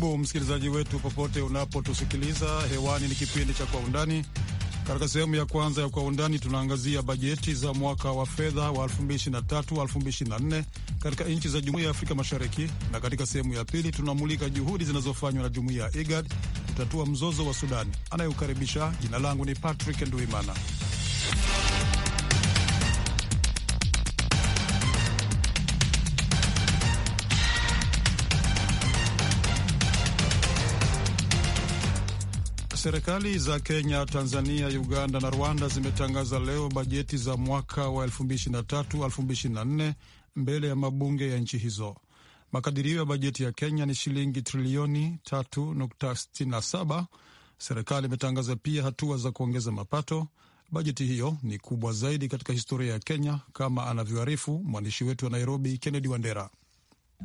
Karibu msikilizaji wetu popote unapotusikiliza hewani, ni kipindi cha Kwa Undani. Katika sehemu ya kwanza ya Kwa Undani tunaangazia bajeti za mwaka wa fedha wa 2023/2024 katika nchi za Jumuiya ya Afrika Mashariki, na katika sehemu ya pili tunamulika juhudi zinazofanywa na Jumuiya ya IGAD kutatua mzozo wa Sudani. Anayeukaribisha jina langu ni Patrick Nduimana. Serikali za Kenya, Tanzania, Uganda na Rwanda zimetangaza leo bajeti za mwaka wa 2023-2024 mbele ya mabunge ya nchi hizo. Makadirio ya bajeti ya Kenya ni shilingi trilioni 3.67. Serikali imetangaza pia hatua za kuongeza mapato. Bajeti hiyo ni kubwa zaidi katika historia ya Kenya, kama anavyoarifu mwandishi wetu wa Nairobi, Kennedy Wandera.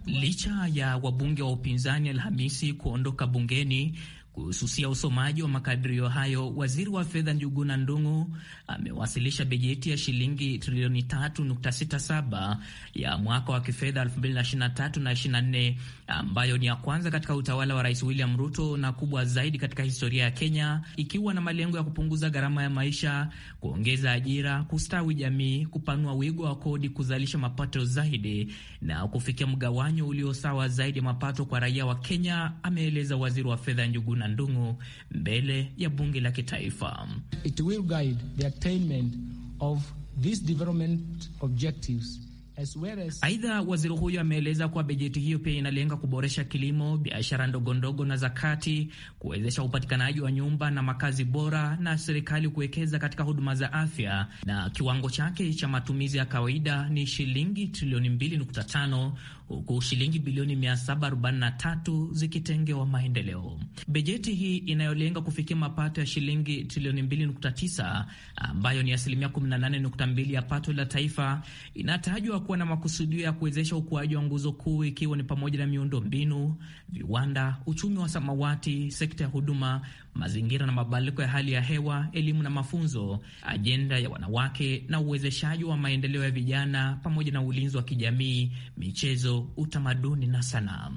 Licha ya wabunge wa upinzani Alhamisi kuondoka bungeni, Kuhususia usomaji wa makadirio hayo, waziri wa fedha Njuguna Ndung'u amewasilisha bajeti ya shilingi trilioni 3.67 ya mwaka wa kifedha 2023 na 24 ambayo ni ya kwanza katika utawala wa Rais William Ruto na kubwa zaidi katika historia ya Kenya, ikiwa na malengo ya kupunguza gharama ya maisha, kuongeza ajira, kustawi jamii, kupanua wigo wa kodi, kuzalisha mapato zaidi na kufikia mgawanyo ulio sawa zaidi ya mapato kwa raia wa Kenya, ameeleza waziri wa fedha Njuguna na Ndung'u mbele ya bunge la kitaifa. It will guide the attainment of these development objectives Aidha, waziri huyo ameeleza kuwa bajeti hiyo pia inalenga kuboresha kilimo, biashara ndogondogo na zakati, kuwezesha upatikanaji wa nyumba na makazi bora, na serikali kuwekeza katika huduma za afya, na kiwango chake cha matumizi ya kawaida ni shilingi trilioni 2.5 huku shilingi bilioni 743 zikitengewa maendeleo. Bajeti hii inayolenga kufikia mapato ya shilingi trilioni 2.9 ambayo ni asilimia 18.2 ya pato la taifa inatajwa kuwa na makusudio ya kuwezesha ukuaji wa nguzo kuu ikiwa ni pamoja na miundo mbinu, viwanda, uchumi wa samawati, sekta ya huduma, mazingira na mabadiliko ya hali ya hewa, elimu na mafunzo, ajenda ya wanawake na uwezeshaji wa maendeleo ya vijana, pamoja na ulinzi wa kijamii, michezo, utamaduni na sanaa.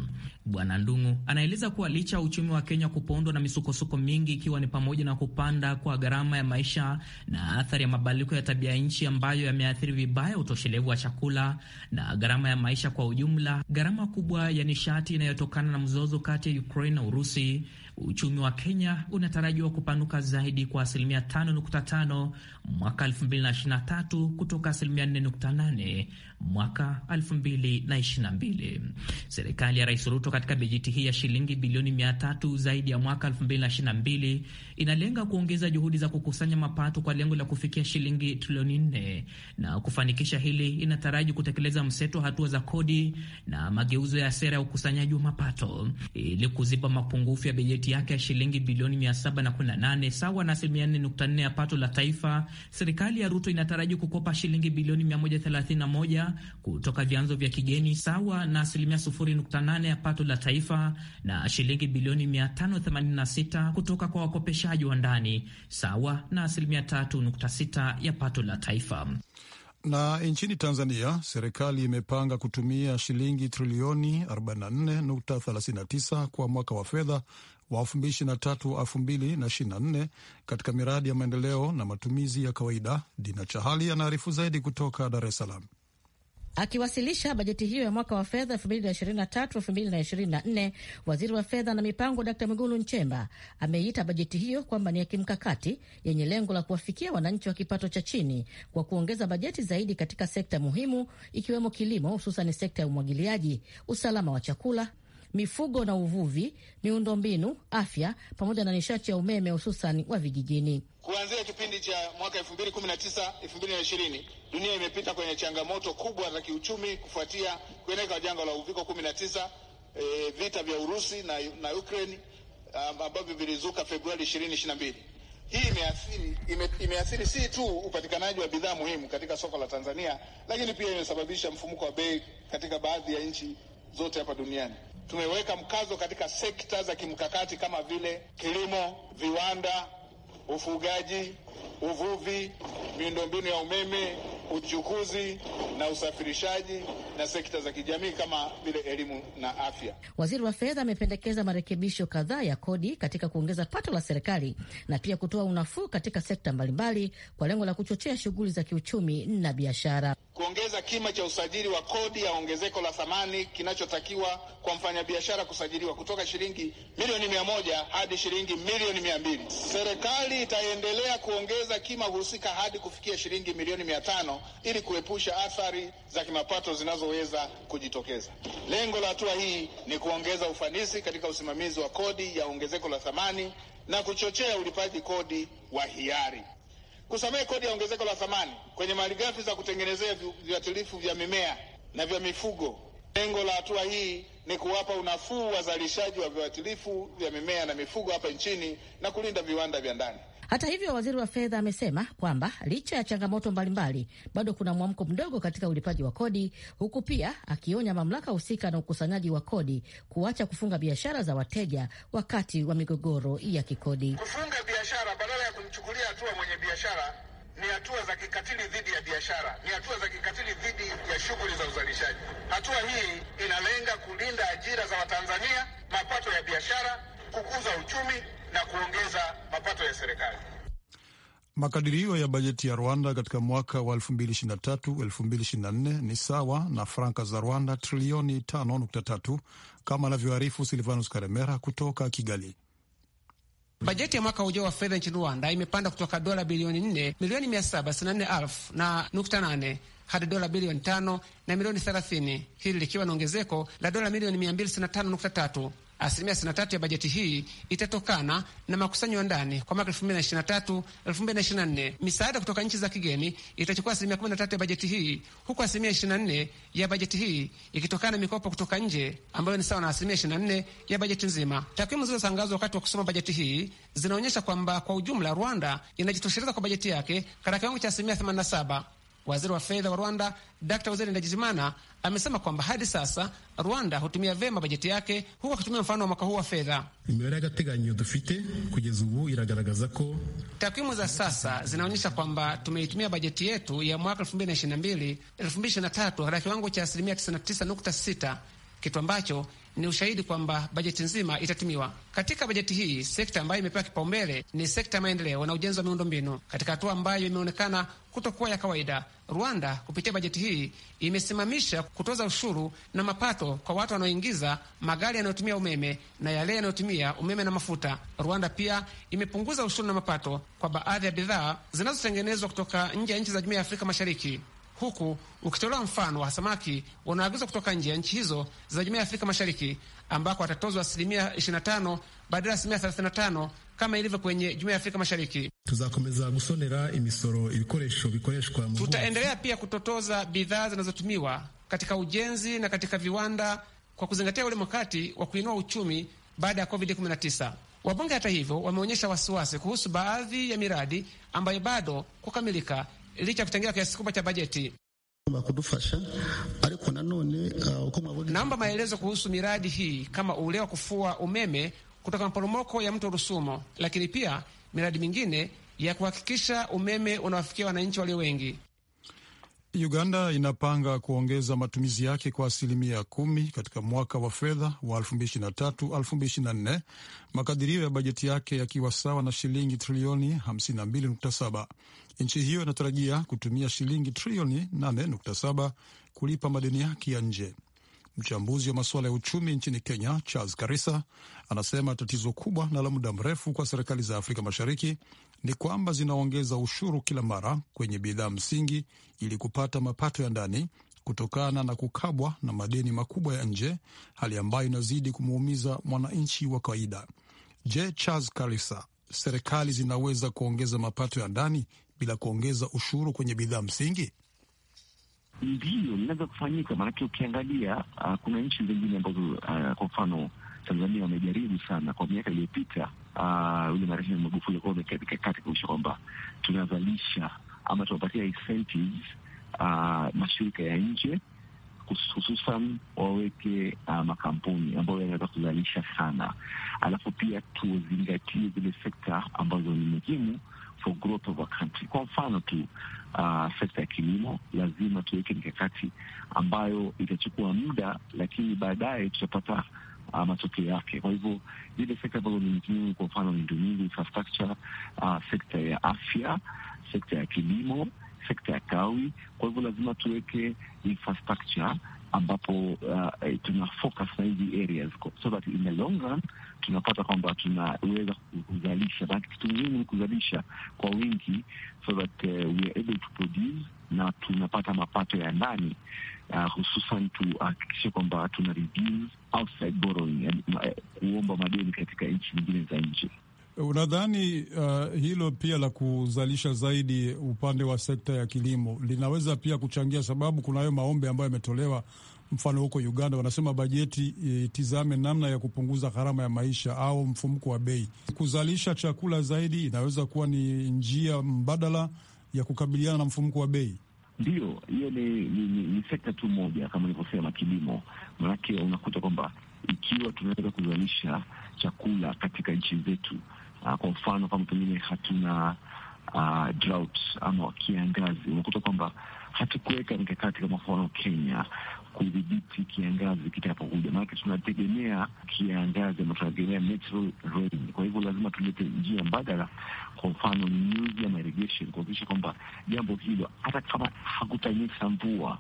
Bwana Ndung'u anaeleza kuwa licha ya uchumi wa Kenya kupondwa na misukosuko mingi, ikiwa ni pamoja na kupanda kwa gharama ya maisha na athari ya mabadiliko ya tabia nchi ambayo yameathiri vibaya utoshelevu wa chakula na gharama ya maisha kwa ujumla, gharama kubwa ya nishati inayotokana na mzozo kati ya Ukraine na Urusi uchumi wa Kenya unatarajiwa kupanuka zaidi kwa asilimia 5.5 mwaka 2023 kutoka asilimia 4.8 mwaka 2022. Serikali ya Rais Ruto katika bajeti hii ya shilingi bilioni 300 zaidi ya mwaka 2022 inalenga kuongeza juhudi za kukusanya mapato kwa lengo la kufikia shilingi trilioni 4, na kufanikisha hili inataraji kutekeleza mseto hatua za kodi na mageuzo ya sera ya ukusanyaji wa mapato ili kuziba mapungufu ya bajeti bajeti yake ya shilingi bilioni 718 sawa na asilimia 4.4 ya pato la taifa, serikali ya Ruto inataraji kukopa shilingi bilioni 131 kutoka vyanzo vya kigeni sawa na asilimia 0.8 ya pato la taifa na shilingi bilioni 586 kutoka kwa wakopeshaji wa ndani sawa na asilimia 3.6 ya pato la taifa. Na nchini Tanzania, serikali imepanga kutumia shilingi trilioni 44.39 kwa mwaka wa fedha wa 2023 2024 katika miradi ya maendeleo na matumizi ya kawaida. Dina Chahali anaarifu zaidi kutoka Dar es Salaam. Akiwasilisha bajeti hiyo ya mwaka wa fedha 2023/2024, waziri wa fedha na mipango Dkt. Mwigulu Nchemba ameiita bajeti hiyo kwamba ni ya kimkakati yenye lengo la kuwafikia wananchi wa kipato cha chini kwa kuongeza bajeti zaidi katika sekta muhimu ikiwemo kilimo, hususan sekta ya umwagiliaji, usalama wa chakula mifugo na uvuvi, miundombinu, afya pamoja na nishati ya umeme hususan wa vijijini. Kuanzia kipindi cha mwaka na ishirini dunia imepita kwenye changamoto kubwa za kiuchumi kufuatia kueneka kwa janga la uviko 19, e, vita vya Urusi na, na Ukraine ambavyo vilizuka Februari 2022. Hii imeathiri ime, imeathiri si tu upatikanaji wa bidhaa muhimu katika soko la Tanzania, lakini pia imesababisha mfumuko wa bei katika baadhi ya nchi zote hapa duniani. Tumeweka mkazo katika sekta za kimkakati kama vile kilimo, viwanda, ufugaji, uvuvi, miundombinu ya umeme uchukuzi na usafirishaji na sekta za kijamii kama vile elimu na afya. Waziri wa fedha amependekeza marekebisho kadhaa ya kodi katika kuongeza pato la serikali na pia kutoa unafuu katika sekta mbalimbali kwa lengo la kuchochea shughuli za kiuchumi na biashara. Kuongeza kima cha usajili wa kodi ya ongezeko la thamani kinachotakiwa kwa mfanyabiashara kusajiliwa kutoka shilingi milioni mia moja hadi shilingi milioni mia mbili. Serikali itaendelea kuongeza kima husika hadi kufikia shilingi milioni mia tano ili kuepusha athari za kimapato zinazoweza kujitokeza. Lengo la hatua hii ni kuongeza ufanisi katika usimamizi wa kodi ya ongezeko la thamani na kuchochea ulipaji kodi wa hiari. Kusamehe kodi ya ongezeko la thamani kwenye malighafi za kutengenezea viuatilifu vya mimea na vya mifugo. Lengo la hatua hii ni kuwapa unafuu wazalishaji wa viuatilifu vya mimea na mifugo hapa nchini na kulinda viwanda vya ndani. Hata hivyo, waziri wa fedha amesema kwamba licha ya changamoto mbalimbali, bado kuna mwamko mdogo katika ulipaji wa kodi, huku pia akionya mamlaka husika na ukusanyaji wa kodi kuacha kufunga biashara za wateja wakati wa migogoro ya kikodi. Kufunga biashara badala ya kumchukulia hatua mwenye biashara ni hatua za kikatili dhidi ya biashara, ni hatua za kikatili dhidi ya shughuli za uzalishaji. Hatua hii inalenga kulinda ajira za Watanzania, mapato ya biashara kukuza uchumi na kuongeza mapato ya serikali. Makadirio ya bajeti ya Rwanda katika mwaka wa 2023-2024 ni sawa na franka za Rwanda trilioni 5.3 kama anavyoarifu Silvanus Karemera kutoka Kigali. Bajeti ya mwaka ujao wa fedha nchini Rwanda imepanda kutoka dola bilioni 4 milioni 764 na nukta 8 hadi dola bilioni 5 na milioni 30, hili likiwa na ongezeko la dola milioni 3 Asilimia 63 ya bajeti hii itatokana na makusanyo ya ndani kwa mwaka 2023 2024. Misaada kutoka nchi za kigeni itachukua asilimia 13 ya bajeti hii, huku asilimia 24 ya bajeti hii ikitokana na mikopo kutoka nje ambayo ni sawa na asilimia 24 ya bajeti nzima. Takwimu zilizotangazwa wakati wa kusoma bajeti hii zinaonyesha kwamba kwa ujumla Rwanda inajitosheleza kwa bajeti yake katika kiwango cha asilimia 87. Waziri wa fedha wa Rwanda Dr Uzeri Ndajizimana amesema kwamba hadi sasa Rwanda hutumia vema bajeti yake huku akitumia mfano wa mwaka huu wa fedha. Takwimu za sasa zinaonyesha kwamba tumeitumia bajeti yetu ya mwaka 2022 2023 katika kiwango cha asilimia 99.6 kitu ambacho ni ushahidi kwamba bajeti nzima itatumiwa. Katika bajeti hii, sekta ambayo imepewa kipaumbele ni sekta ya maendeleo na ujenzi wa miundombinu, katika hatua ambayo imeonekana kutokuwa ya kawaida. Rwanda kupitia bajeti hii imesimamisha kutoza ushuru na mapato kwa watu wanaoingiza magari yanayotumia umeme na yale yanayotumia umeme na mafuta. Rwanda pia imepunguza ushuru na mapato kwa baadhi ya bidhaa zinazotengenezwa kutoka nje ya nchi za Jumuiya ya Afrika Mashariki huku ukitolewa mfano wa samaki wanaagizwa kutoka nje ya nchi hizo za jumuiya ya Afrika Mashariki, ambako watatozwa asilimia 25 badala ya asilimia 35 kama ilivyo kwenye jumuiya ya Afrika Mashariki. tuzakomeza gusonera imisoro ibikoresho bikoreshwa mu tutaendelea pia kutotoza bidhaa zinazotumiwa katika ujenzi na katika viwanda kwa kuzingatia ule mkakati wa kuinua uchumi baada ya COVID-19. Wabunge hata hivyo wameonyesha wasiwasi kuhusu baadhi ya miradi ambayo bado kukamilika licha ya kutengewa kiasi kikubwa cha bajeti. Uh, Naomba maelezo kuhusu miradi hii kama ule wa kufua umeme kutoka maporomoko ya mto Rusumo, lakini pia miradi mingine ya kuhakikisha umeme unawafikia wananchi walio wengi. Uganda inapanga kuongeza matumizi yake kwa asilimia kumi katika mwaka wa fedha wa 2023/2024 makadirio ya bajeti yake yakiwa sawa na shilingi trilioni 52.7. Nchi hiyo inatarajia kutumia shilingi trilioni 8.7 kulipa madeni yake ya nje. Mchambuzi wa masuala ya uchumi nchini Kenya Charles Karisa anasema tatizo kubwa na la muda mrefu kwa serikali za Afrika Mashariki ni kwamba zinaongeza ushuru kila mara kwenye bidhaa msingi ili kupata mapato ya ndani kutokana na kukabwa na madeni makubwa ya nje, hali ambayo inazidi kumuumiza mwananchi wa kawaida. Je, Charles Karisa, serikali zinaweza kuongeza mapato ya ndani bila kuongeza ushuru kwenye bidhaa msingi? Ndiyo, inaweza kufanyika, maanake ukiangalia uh, kuna nchi zingine ambazo uh, kwa mfano Tanzania wamejaribu sana kwa miaka iliyopita Ah, yule uh, Marehemu Magufuli alikuwa amekakati kuisha kwamba tunazalisha ama tunapatia incentives uh, mashirika ya nje hususan waweke uh, makampuni ambayo yanaweza kuzalisha sana, alafu pia tuzingatie zile sekta ambazo ni muhimu for growth of a country. Kwa mfano tu uh, sekta ya kilimo lazima tuweke mikakati ambayo itachukua muda, lakini baadaye tutapata uh, matokeo yake. Kwa hivyo zile sekta ambazo ni muhimu, kwa mfano miundombinu, infrastructure, uh, sekta ya afya, sekta ya kilimo, sekta ya kawi. Kwa hivyo lazima tuweke infrastructure ambapo uh, eh, tuna focus na hizi areas so that in the long run tunapata kwamba tunaweza kuzalisha, maanake kitu muhimu ni kuzalisha kwa wingi so that uh, we are able to na tunapata mapato ya ndani uh, hususan tuhakikishe kwamba tuna outside borrowing, eh, kuomba madeni katika nchi nyingine za nje. Unadhani uh, hilo pia la kuzalisha zaidi upande wa sekta ya kilimo linaweza pia kuchangia, sababu kuna hayo maombi ambayo yametolewa mfano huko Uganda wanasema bajeti itizame namna ya kupunguza gharama ya maisha au mfumuko wa bei. Kuzalisha chakula zaidi inaweza kuwa ni njia mbadala ya kukabiliana na mfumuko wa bei ndio hiyo ni, ni, ni, ni sekta tu moja kama nilivyosema, kilimo. manake unakuta kwamba ikiwa tunaweza kuzalisha chakula katika nchi zetu, ah, kwa mfano kama pengine hatuna uh, drought ama kiangazi, unakuta kwamba hatukuweka mikakati kama mfano Kenya kudhibiti kiangazi kitakapokuja, maanake tunategemea kiangazi ama tunategemea natural rain. Kwa hivyo lazima tulete njia mbadala, kwa mfano nyuzi ama irrigation, kuhakikisha kwamba jambo hilo hata kama hakutanyesha mvua,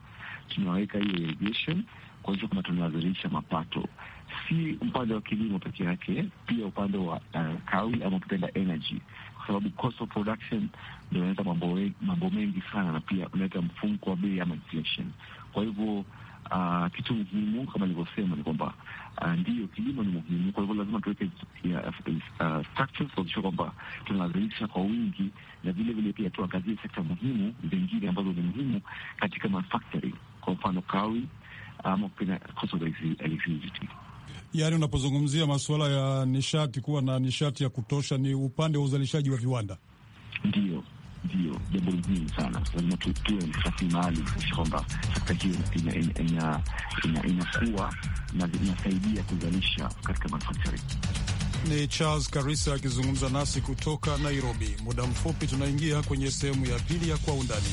tunaweka hiyo irrigation kuhakikisha kwamba tunazalisha mapato si upande wa kilimo peke yake, pia upande wa uh, kawi ama ukipenda energy, kwa sababu cost of production ndio inaleta mambo mengi sana, na pia unaleta mfumuko wa bei ama inflation. Kwa hivyo Uh, kitu muhimu kama nilivyosema ni kwamba uh, ndiyo kilimo ni muhimu. Kwa hivyo lazima tuweke ah, eh, kuhakikisha kwamba tunazalisha kwa wingi, na vile vile pia tuangazie sekta muhimu zingine ambazo ni muhimu katika manufacturing, kwa mfano kawi ama kupenda yani electricity. Yaani, unapozungumzia masuala ya nishati, kuwa na nishati ya kutosha ni upande wa uzalishaji wa viwanda, ndio ndio jambo lingine sana. Lazima tutoe mkakati maalum kuhakikisha kwamba sekta hiyo inakuwa na inasaidia kuzalisha katika manufacturing. Ni Charles Karisa akizungumza nasi kutoka Nairobi. Muda mfupi tunaingia kwenye sehemu ya pili ya Kwa Undani.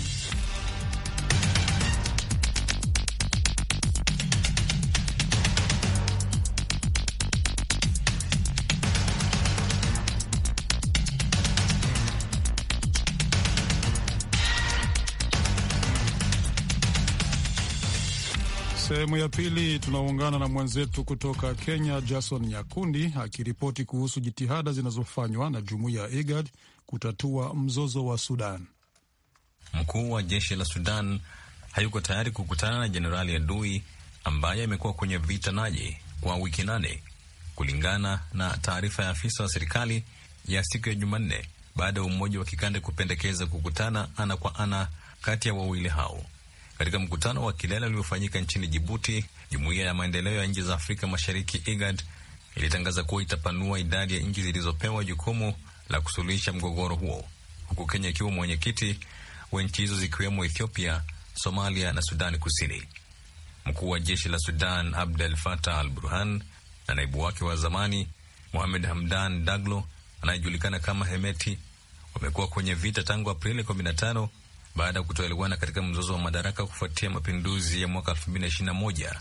Sehemu ya pili tunaungana na mwenzetu kutoka Kenya, Jason Nyakundi akiripoti kuhusu jitihada zinazofanywa na jumuiya ya IGAD kutatua mzozo wa Sudan. Mkuu wa jeshi la Sudan hayuko tayari kukutana na jenerali adui ambaye amekuwa kwenye vita naye kwa wiki nane, kulingana na taarifa ya afisa wa serikali ya siku ya Jumanne baada ya umoja wa kikanda kupendekeza kukutana ana kwa ana kati ya wawili hao. Katika mkutano wa kilele uliofanyika nchini Jibuti, jumuiya ya maendeleo ya nchi za Afrika Mashariki IGAD ilitangaza kuwa itapanua idadi ya nchi zilizopewa jukumu la kusuluhisha mgogoro huo, huku Kenya ikiwa mwenyekiti wa nchi hizo zikiwemo Ethiopia, Somalia na Sudani Kusini. Mkuu wa jeshi la Sudan Abdel Fattah al Burhan na naibu wake wa zamani Mohamed Hamdan Daglo anayejulikana kama Hemeti wamekuwa kwenye vita tangu Aprili baada ya kutoelewana katika mzozo wa madaraka kufuatia mapinduzi ya mwaka 2021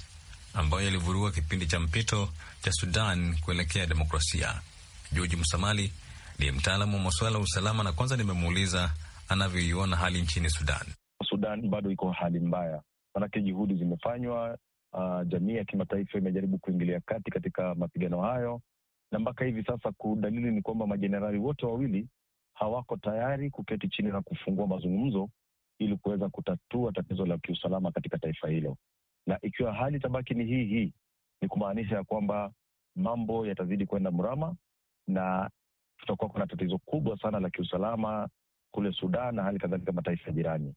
ambayo yalivurua kipindi cha mpito cha Sudan kuelekea demokrasia. George Msamali ni mtaalamu wa masuala ya usalama, na kwanza nimemuuliza anavyoiona hali nchini Sudan. Sudan bado iko hali mbaya, manake juhudi zimefanywa. Uh, jamii ya kimataifa imejaribu kuingilia kati katika mapigano hayo, na mpaka hivi sasa dalili ni kwamba majenerali wote wawili hawako tayari kuketi chini na kufungua mazungumzo ili kuweza kutatua tatizo la kiusalama katika taifa hilo, na ikiwa hali itabaki ni hii hii, ni kumaanisha ya kwamba mambo yatazidi kwenda mrama na tutakuwa kuna tatizo kubwa sana la kiusalama kule Sudan na hali kadhalika mataifa jirani,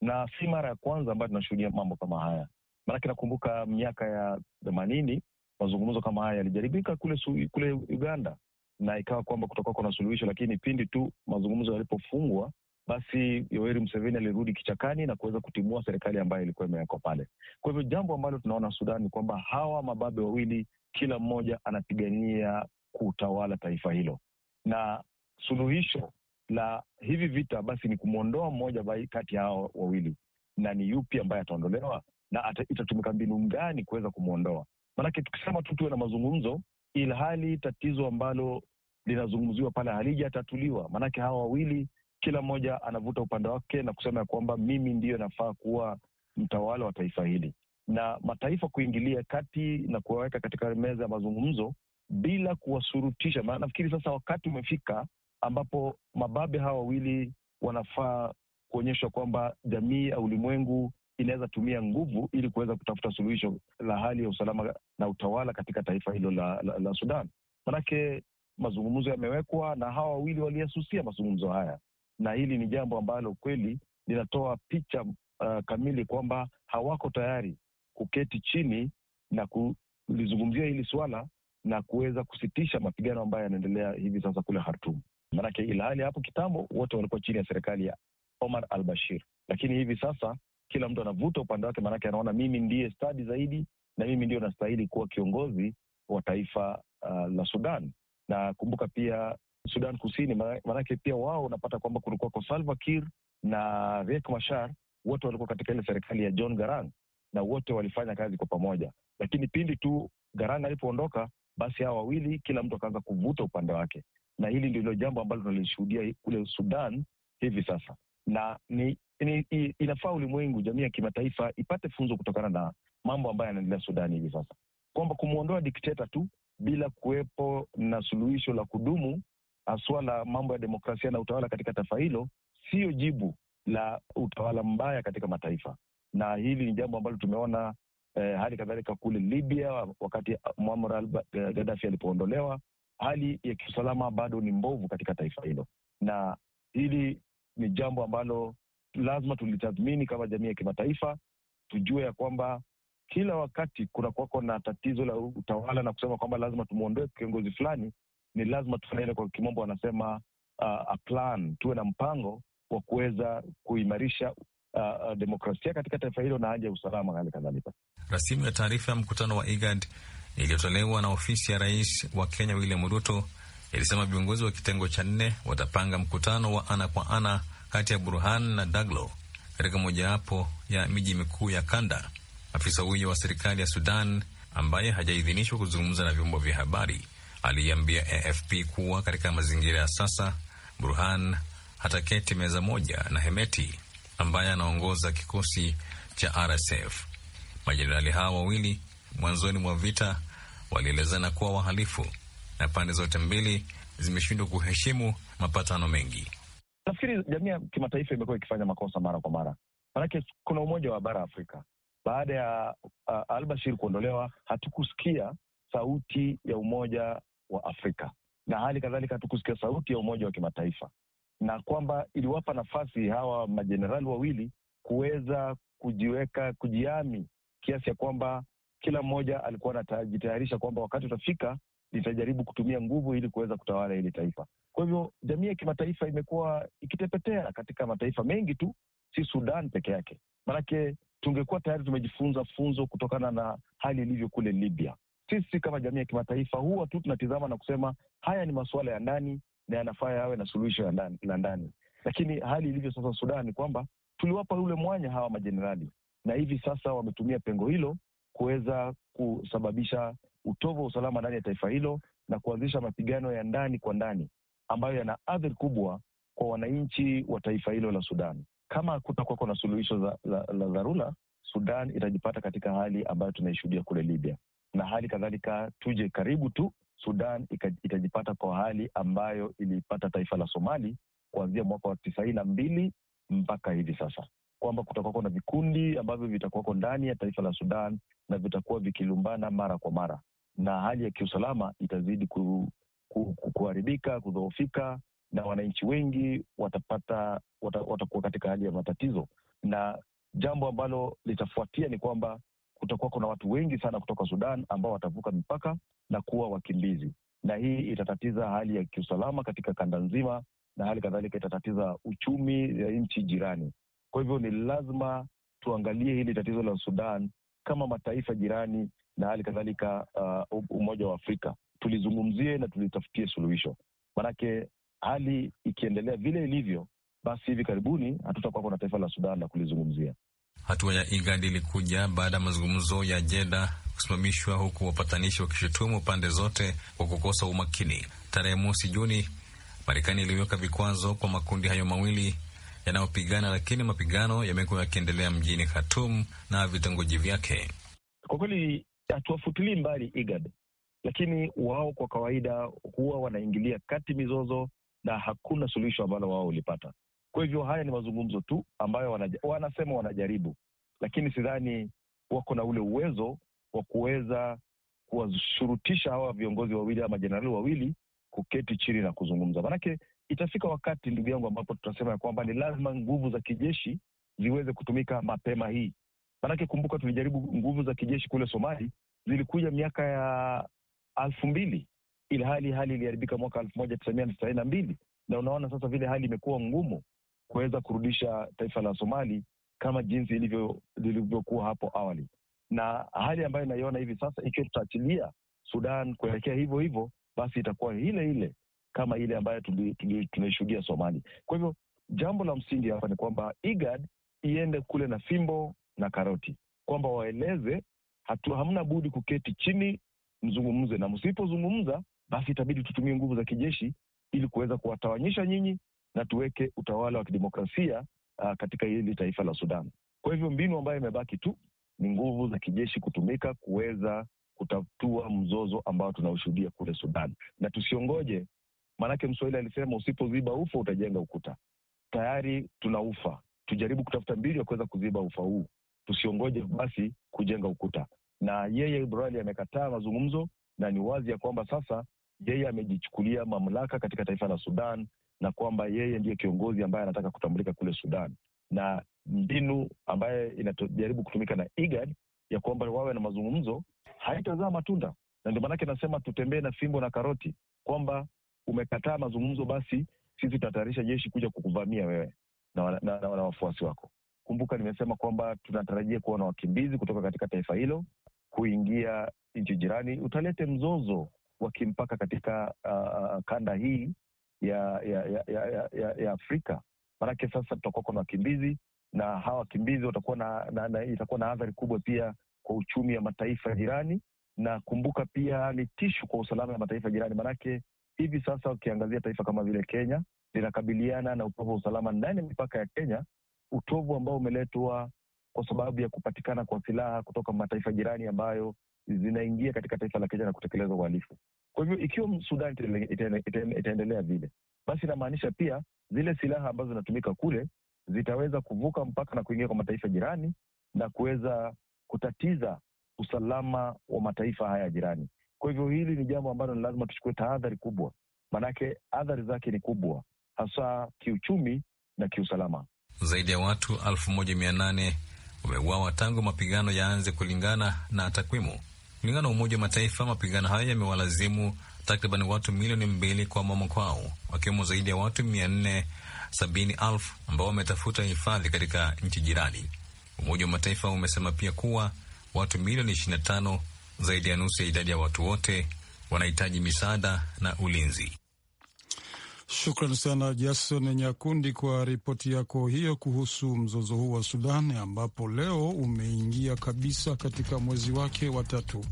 na si mara ya kwanza ambayo tunashuhudia mambo kama haya. Maanake nakumbuka miaka ya themanini mazungumzo kama haya yalijaribika kule, su, kule Uganda na ikawa kwamba kutakuwa kuna suluhisho, lakini pindi tu mazungumzo yalipofungwa basi Yoweri Museveni alirudi kichakani na kuweza kutimua serikali ambayo ilikuwa imewekwa pale. Kwa hivyo jambo ambalo tunaona Sudan ni kwamba hawa mababe wawili, kila mmoja anapigania kutawala taifa hilo, na suluhisho la hivi vita basi ni kumwondoa mmoja kati ya hawa wawili, na ni yupi ambaye ataondolewa na itatumika mbinu gani kuweza kumwondoa? Maanake tukisema tu tuwe na mazungumzo, ilhali tatizo ambalo linazungumziwa pale halijatatuliwa, maanake hawa wawili kila mmoja anavuta upande wake na kusema ya kwamba mimi ndiyo nafaa kuwa mtawala wa taifa hili, na mataifa kuingilia kati na kuwaweka katika meza ya mazungumzo bila kuwashurutisha. Maana nafikiri sasa wakati umefika ambapo mababe hawa wawili wanafaa kuonyeshwa kwamba jamii ya ulimwengu inaweza tumia nguvu ili kuweza kutafuta suluhisho la hali ya usalama na utawala katika taifa hilo la, la, la Sudan. Manake mazungumzo yamewekwa na hawa wawili waliyesusia mazungumzo haya na hili ni jambo ambalo kweli linatoa picha uh, kamili kwamba hawako tayari kuketi chini na kulizungumzia hili swala na kuweza kusitisha mapigano ambayo yanaendelea hivi sasa kule Khartoum. Maanake ilhali hapo kitambo wote walikuwa chini ya serikali ya Omar al Bashir, lakini hivi sasa kila mtu anavuta upande wake, maanake anaona mimi ndiye stadi zaidi na mimi ndio nastahili kuwa kiongozi wa taifa uh, la Sudan. Na kumbuka pia Sudan Kusini, maanake pia wao unapata kwamba kulikuwa kwa Salva Kiir na Riek Machar, wote walikuwa katika ile serikali ya John Garang na wote walifanya kazi kwa pamoja, lakini pindi tu Garang alipoondoka, basi hawa wawili kila mtu akaanza kuvuta upande wake, na hili ndilo jambo ambalo tunalishuhudia kule Sudan hivi sasa, na ni, ni, inafaa ulimwengu, jamii ya kimataifa ipate funzo kutokana na mambo ambayo yanaendelea Sudan hivi sasa, kwamba kumwondoa dikteta tu bila kuwepo na suluhisho la kudumu haswa la mambo ya demokrasia na utawala katika taifa hilo, siyo jibu la utawala mbaya katika mataifa. Na hili ni jambo ambalo tumeona eh, hali kadhalika kule Libya wakati Muammar al eh, Gaddafi alipoondolewa, hali ya kiusalama bado ni mbovu katika taifa hilo, na hili ni jambo ambalo lazima tulitathmini kama jamii ya kimataifa, tujue ya kwamba kila wakati kuna kuwako na tatizo la utawala na kusema kwamba lazima tumwondoe kiongozi fulani ni lazima tufanye ile, kwa kimombo wanasema uh, a plan, tuwe na mpango wa kuweza kuimarisha uh, demokrasia katika taifa hilo na haja ya usalama. Hali kadhalika rasimu ya taarifa ya mkutano wa IGAD iliyotolewa na ofisi ya rais wa Kenya William Ruto ilisema viongozi wa kitengo cha nne watapanga mkutano wa ana kwa ana kati ya Burhan na Daglo katika mojawapo ya miji mikuu ya kanda. Afisa huyo wa serikali ya Sudan ambaye hajaidhinishwa kuzungumza na vyombo vya habari aliambia AFP kuwa katika mazingira ya sasa Burhan hataketi meza moja na Hemeti ambaye anaongoza kikosi cha RSF. Majenerali hawo wawili mwanzoni mwa vita walielezana kuwa wahalifu na pande zote mbili zimeshindwa kuheshimu mapatano mengi. Nafikiri jamii ya kimataifa imekuwa ikifanya makosa mara kwa mara, manake kuna umoja wa bara Afrika. Baada ya uh, Albashir kuondolewa, hatukusikia sauti ya umoja wa Afrika na hali kadhalika hatukusikia sauti ya umoja wa kimataifa, na kwamba iliwapa nafasi hawa majenerali wawili kuweza kujiweka kujiami kiasi ya kwamba kila mmoja alikuwa anajitayarisha kwamba wakati utafika litajaribu kutumia nguvu ili kuweza kutawala hili taifa. Kwa hivyo jamii ya kimataifa imekuwa ikitepetea katika mataifa mengi tu, si Sudan peke yake, manake tungekuwa tayari tumejifunza funzo kutokana na hali ilivyo kule Libya sisi kama jamii ya kimataifa huwa tu tunatizama na kusema haya ni masuala ya ndani na yanafaa yawe na suluhisho la ndani, lakini hali ilivyo sasa Sudan ni kwamba tuliwapa ule mwanya hawa majenerali, na hivi sasa wametumia pengo hilo kuweza kusababisha utovu wa usalama ndani ya taifa hilo na kuanzisha mapigano ya ndani kwa ndani ambayo yana athari kubwa kwa wananchi wa taifa hilo la Sudan. Kama kutakuwako na suluhisho la dharura, Sudan itajipata katika hali ambayo tunaishuhudia kule Libya na hali kadhalika tuje karibu tu Sudan itajipata kwa hali ambayo ilipata taifa la Somali kuanzia mwaka wa tisaini na mbili mpaka hivi sasa, kwamba kutakuwako na vikundi ambavyo vitakuwako ndani ya taifa la Sudan na vitakuwa vikilumbana mara kwa mara, na hali ya kiusalama itazidi kuharibika, kudhoofika, na wananchi wengi watapata watakuwa katika hali ya matatizo, na jambo ambalo litafuatia ni kwamba kutakuwa kuna watu wengi sana kutoka Sudan ambao watavuka mipaka na kuwa wakimbizi, na hii itatatiza hali ya kiusalama katika kanda nzima, na hali kadhalika itatatiza uchumi ya nchi jirani. Kwa hivyo ni lazima tuangalie hili tatizo la Sudan kama mataifa jirani na hali kadhalika uh, Umoja wa Afrika tulizungumzie na tulitafutie suluhisho, maanake hali ikiendelea vile ilivyo, basi hivi karibuni hatutakuwa kuna taifa la Sudan la kulizungumzia. Hatua ya IGAD ilikuja baada ya mazungumzo ya Jeda kusimamishwa huku wapatanishi wakishutumu pande zote kwa kukosa umakini. Tarehe mosi Juni, Marekani iliweka vikwazo kwa makundi hayo mawili yanayopigana, lakini mapigano yamekuwa yakiendelea mjini Khartoum na vitongoji vyake. Kwa kweli hatuwafutilii mbali IGAD, lakini wao kwa kawaida huwa wanaingilia kati mizozo na hakuna suluhisho ambalo wao ulipata. Kwa hivyo haya ni mazungumzo tu ambayo wanaja, wanasema wanajaribu, lakini sidhani wako na ule uwezo wa kuweza kuwashurutisha hawa viongozi wawili ama jenerali wawili kuketi chini na kuzungumza. Maanake itafika wakati, ndugu yangu, ambapo tutasema ya kwamba ni lazima nguvu za kijeshi ziweze kutumika mapema hii. Maanake kumbuka, tulijaribu nguvu za kijeshi kule Somali, zilikuja miaka ya elfu mbili ilhali hali iliharibika mwaka elfu moja tisa mia tisaini na mbili na unaona sasa vile hali imekuwa ngumu kuweza kurudisha taifa la Somali kama jinsi lilivyokuwa hapo awali, na hali ambayo inaiona hivi sasa, ikiwa tutaachilia Sudan kuelekea hivyo hivyo, basi itakuwa ile ile kama ile ambayo tunaishuhudia Somali. Kwa hivyo jambo la msingi hapa ni kwamba IGAD iende kule na fimbo na karoti, kwamba waeleze hatu, hamna budi kuketi chini mzungumze, na msipozungumza basi itabidi tutumie nguvu za kijeshi ili kuweza kuwatawanyisha nyinyi na tuweke utawala wa kidemokrasia uh, katika hili taifa la Sudan. Kwa hivyo mbinu ambayo imebaki tu ni nguvu za kijeshi kutumika kuweza kutatua mzozo ambao tunaoshuhudia kule Sudan, na tusiongoje, maanake Mswahili alisema usipoziba ufa utajenga ukuta. Tayari tuna ufa, tujaribu kutafuta mbinu ya kuweza kuziba ufa huu, tusiongoje basi kujenga ukuta. Na yeye Ibrahim amekataa mazungumzo na ni wazi ya kwamba sasa yeye amejichukulia mamlaka katika taifa la Sudan na kwamba yeye ndiye kiongozi ambaye anataka kutambulika kule Sudan, na mbinu ambayo inajaribu kutumika na IGAD ya kwamba wawe na mazungumzo haitazaa matunda, na ndio maanake nasema tutembee na fimbo na karoti, kwamba umekataa mazungumzo, basi sisi tutatayarisha jeshi kuja kukuvamia wewe na, na, na, na wafuasi wako. Kumbuka nimesema kwamba tunatarajia kuwa na wakimbizi kutoka katika taifa hilo kuingia nchi jirani, utalete mzozo wa kimpaka katika uh, kanda hii ya ya ya, ya, ya, ya Afrika, maanake sasa tutakuwa na wakimbizi na hawa wakimbizi watakuwa na, na, na itakuwa na athari kubwa pia kwa uchumi wa mataifa jirani, na kumbuka pia ni tishu kwa usalama ya mataifa jirani, maanake hivi sasa ukiangazia taifa kama vile Kenya linakabiliana na utovu wa usalama ndani ya mipaka ya Kenya, utovu ambao umeletwa kwa sababu ya kupatikana kwa silaha kutoka mataifa jirani ambayo zinaingia katika taifa la Kenya na kutekeleza uhalifu. Kwa hivyo ikiwa Sudan itaendelea vile, basi inamaanisha pia zile silaha ambazo zinatumika kule zitaweza kuvuka mpaka na kuingia kwa mataifa jirani na kuweza kutatiza usalama wa mataifa haya jirani. Kwa hivyo hili ni jambo ambalo ni lazima tuchukue tahadhari kubwa, maanake athari zake ni kubwa, hasa kiuchumi na kiusalama. Zaidi ya watu elfu moja mia nane wameuawa tangu mapigano yaanze, kulingana na takwimu Kulingana na Umoja wa Mataifa, mapigano hayo yamewalazimu takriban watu milioni mbili kuhama makwao, wakiwemo zaidi ya watu mia nne sabini elfu ambao wametafuta hifadhi katika nchi jirani. Umoja wa Mataifa umesema pia kuwa watu milioni 25, zaidi ya nusu ya idadi ya watu wote, wanahitaji misaada na ulinzi. Shukran sana Jason Nyakundi kwa ripoti yako hiyo kuhusu mzozo huu wa Sudan, ambapo leo umeingia kabisa katika mwezi wake wa tatu.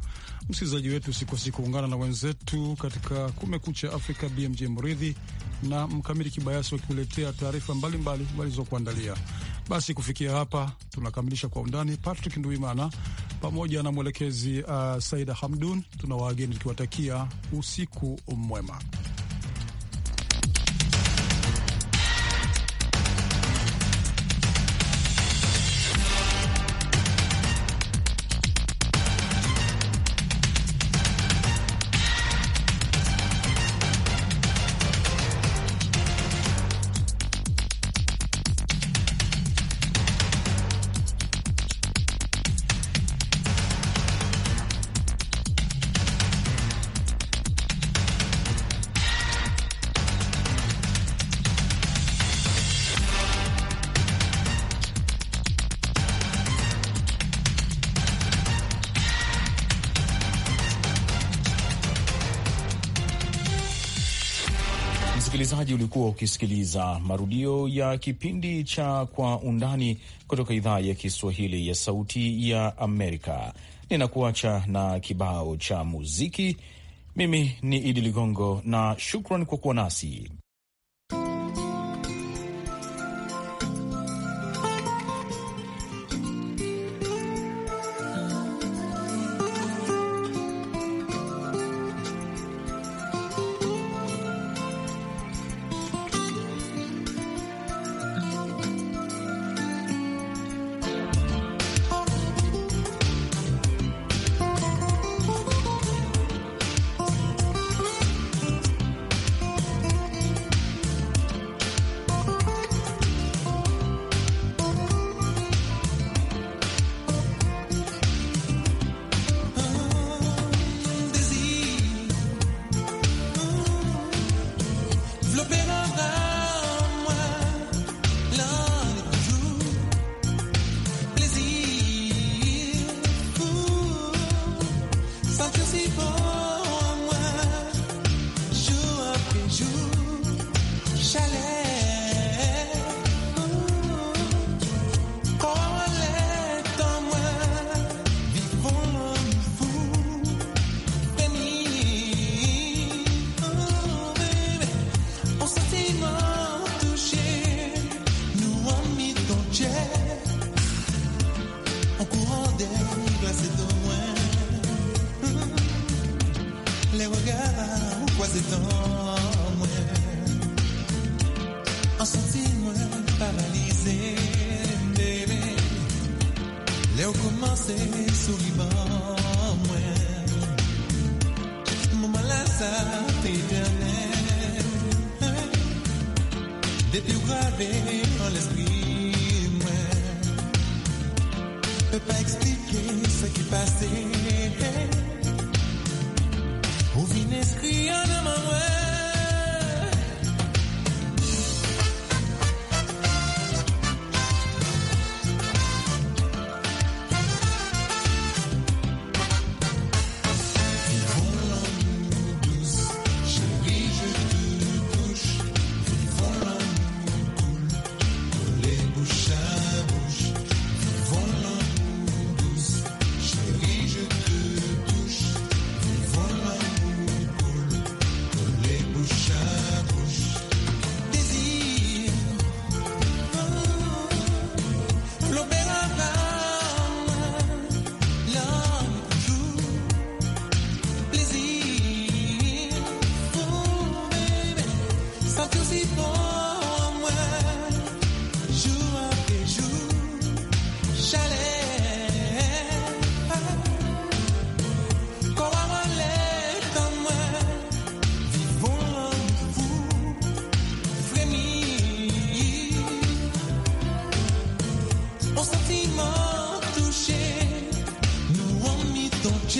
Msikilizaji wetu, sikosi kuungana na wenzetu katika Kumekucha Afrika, BMJ Mridhi na Mkamili Kibayasi wakiuletea taarifa mbalimbali walizokuandalia. Basi kufikia hapa tunakamilisha Kwa Undani. Patrick Nduimana pamoja na mwelekezi uh, Saida Hamdun, tuna wageni tukiwatakia usiku mwema. msikilizaji, ulikuwa ukisikiliza marudio ya kipindi cha Kwa Undani kutoka idhaa ya Kiswahili ya Sauti ya Amerika. Ninakuacha na kibao cha muziki. Mimi ni Idi Ligongo na shukran kwa kuwa nasi.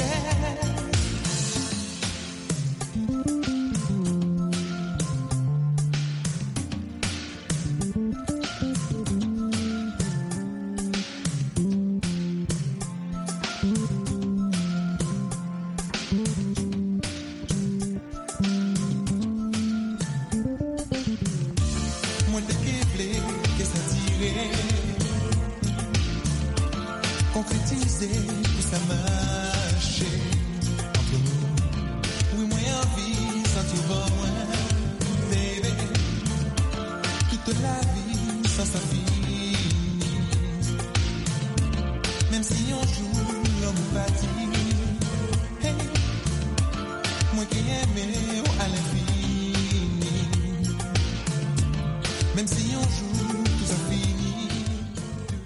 share.